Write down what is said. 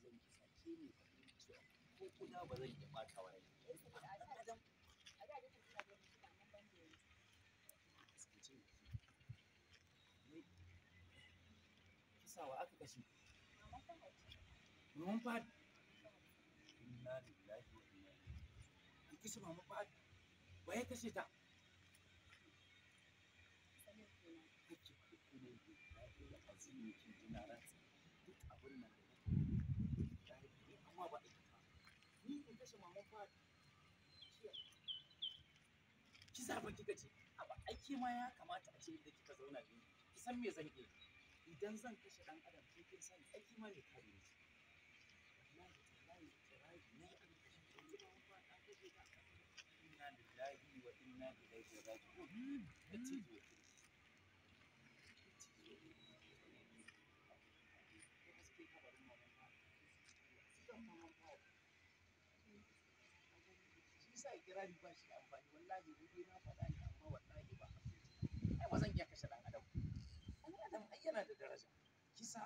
ce zan kisa ke ne ba zan yi cewa ko kuna ba zan iya ɓata wa rai. Kisawa aka kashe. Ruwan Inna lillahi wa inna ilaihi. mama ya kashe ta? jina ransa. kashe maman fara ki kika ce amma aiki ma ya kamata a ce da kika zauna biyu ki san me zan iya idan zan kashe ɗan adam ki kin san aiki ma ne kare ni wallahi wallahi kirayi ne an kashe ki ba an kashe ta inna lillahi wa inna ilaihi raji'un kace ji Thank you. sa ikirari ba shi da amfani wallahi ni na faɗa ne amma wallahi ba haka ai ba zan iya kashe dan adam dan adam ai yana da daraja kisa